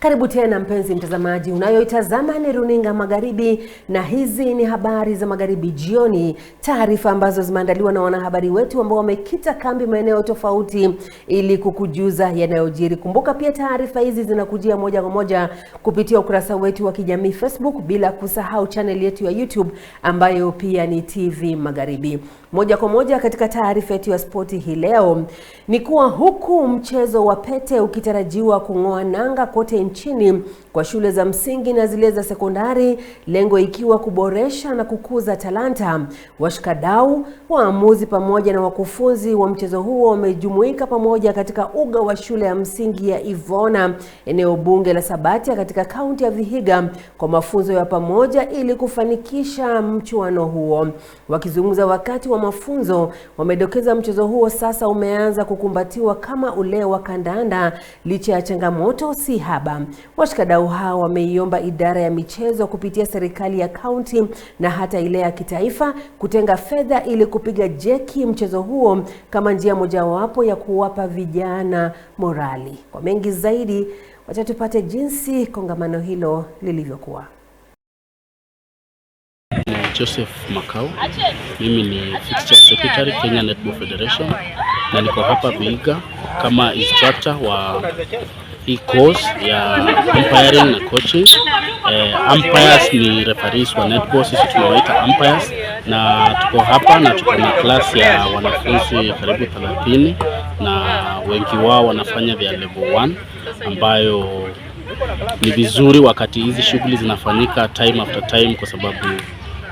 Karibu tena mpenzi mtazamaji, unayoitazama ni runinga Magharibi na hizi ni habari za Magharibi jioni, taarifa ambazo zimeandaliwa na wanahabari wetu ambao wamekita kambi maeneo tofauti ili kukujuza yanayojiri. Kumbuka pia taarifa hizi zinakujia moja kwa moja kupitia ukurasa wetu wa kijamii Facebook, bila kusahau channel yetu ya YouTube ambayo pia ni TV Magharibi. Moja kwa moja katika taarifa yetu ya spoti hii leo ni kuwa huku mchezo wa pete ukitarajiwa kung'oa nanga kote таким чином kwa shule za msingi na zile za sekondari, lengo ikiwa kuboresha na kukuza talanta. Washikadau, waamuzi pamoja na wakufunzi wa mchezo huo wamejumuika pamoja katika uga wa shule ya msingi ya Ivona eneo bunge la Sabatia katika kaunti ya Vihiga kwa mafunzo ya pamoja ili kufanikisha mchuano huo. Wakizungumza wakati wa mafunzo, wamedokeza mchezo huo sasa umeanza kukumbatiwa kama ule wa kandanda licha ya changamoto si haba. Washikadau Wadau hao wameiomba idara ya michezo kupitia serikali ya kaunti na hata ile ya kitaifa kutenga fedha ili kupiga jeki mchezo huo kama njia mojawapo ya kuwapa vijana morali. Kwa mengi zaidi, wacha tupate jinsi kongamano hilo lilivyokuwa. Joseph Makau, mimi ni fixture secretary Kenya Netball Federation, na niko hapa Vihiga kama instructor wa hii course ya umpiring na coaching. Eh, umpires ni referees wa netball, sisi tunawaita umpires, na tuko hapa na tuko na klasi ya wanafunzi karibu 30 na wengi wao wanafanya vya level 1 ambayo ni vizuri wakati hizi shughuli zinafanyika time after time kwa sababu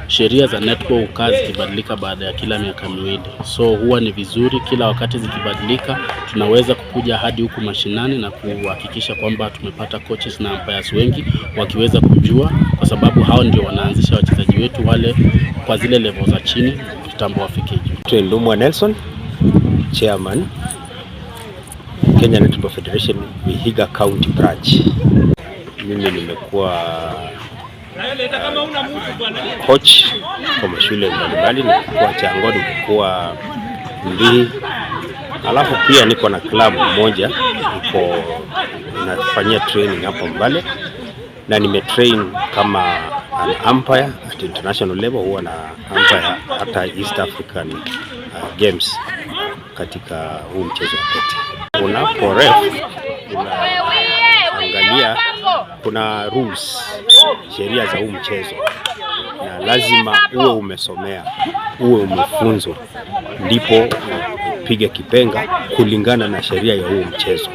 sheria za netball hukaa zikibadilika baada ya kila miaka miwili, so huwa ni vizuri kila wakati zikibadilika, tunaweza kukuja hadi huku mashinani na kuhakikisha kwamba tumepata coaches na umpires wengi wakiweza kujua, kwa sababu hao ndio wanaanzisha wachezaji wetu wale kwa zile level za chini kitambo wafike juu. Ndumwa Nelson, chairman Kenya Netball Federation, Vihiga County Branch. Mimi nimekuwa coach kwa mashule mbalimbali, nilikuwa Chango, nilikuwa Mbihi, alafu pia niko na klabu moja iko nafanyia training hapo Mbale, na nimetrain kama an umpire at international level, huwa na umpire hata East African uh, games katika huu mchezo wa keti. Unapo ref unaangalia kuna rules sheria za huu mchezo, na lazima uwe umesomea, uwe umefunzwa, ndipo upige kipenga kulingana na sheria ya huu mchezo,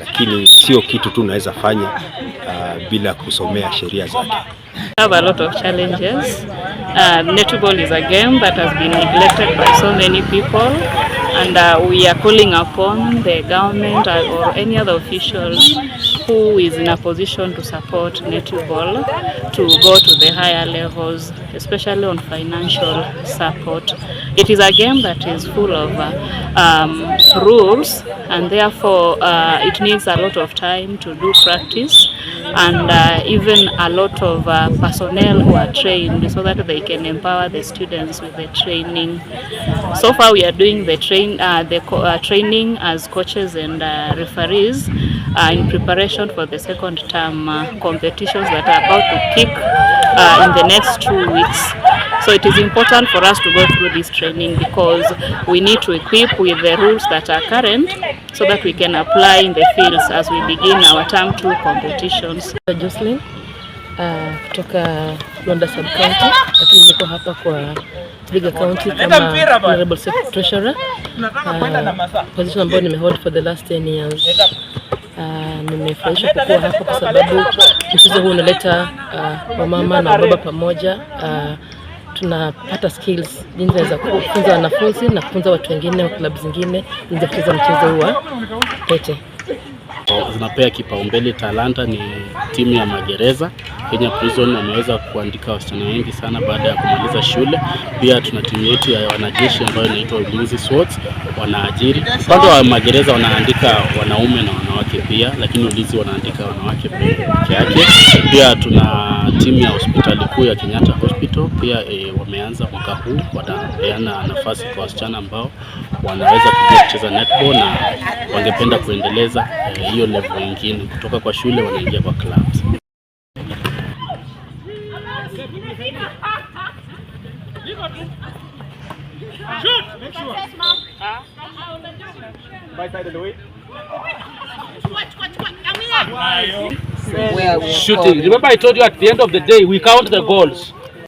lakini sio kitu tu unaweza fanya uh, bila kusomea sheria zake. Have a lot of challenges. Uh, netball is a game that has been neglected by so many people and uh, we are calling upon the government or any other officials who is in a position to support netball to go to the higher levels especially on financial support. It is a game that is full of uh, um, rules and therefore uh, it needs a lot of time to do practice and uh, even a lot of uh, personnel who are trained so that they can empower the students with the training. So far we are doing the, train, uh, the uh, training as coaches and uh, referees uh, in preparation for the second term uh, competitions that are about to kick uh, in the next two weeks. So it is important for us to go through this training because we need to equip with the rules that are current so that we can apply in the fields as we begin our term two competitions. Jocelyn uh, kutoka Londa Sub County, lakini niko hapa kwa Vihiga County kama Honorable Secretary Treasurer, uh, position ambayo nimehold for the last 10 years. Uh, nimefurahishwa kukuwa hapa kwa sababu mchezo huu unaleta uh, wamama na wababa pamoja. Uh, tunapata skills jinsi za kufunza wanafunzi na kufunza watu wengine wa klabu zingine jinsi ya kucheza mchezo huu wa pete. Zinapea kipaumbele talanta. Ni timu ya magereza Kenya Prison, wameweza kuandika wasichana wengi sana baada ya kumaliza shule. Pia tuna timu yetu ya wanajeshi ambayo inaitwa Ulinzi Swords, wanaajiri upande wa magereza, wanaandika wanaume na wanawake wanawake pia, lakini ulinzi wanaandika wanawake peke yake. Pia tuna timu ya hospitali kuu ya Kenyatta Hospital pia e, wameanza mwaka huu, watapeana nafasi kwa wasichana ambao wanaweza kujua kucheza netball na wangependa kuendeleza eh, hiyo e, level nyingine kutoka kwa shule wanaingia kwa clubs. Shoot! Make sure. Oh? Shooting. Remember, I told you at the end of the day, we count the goals.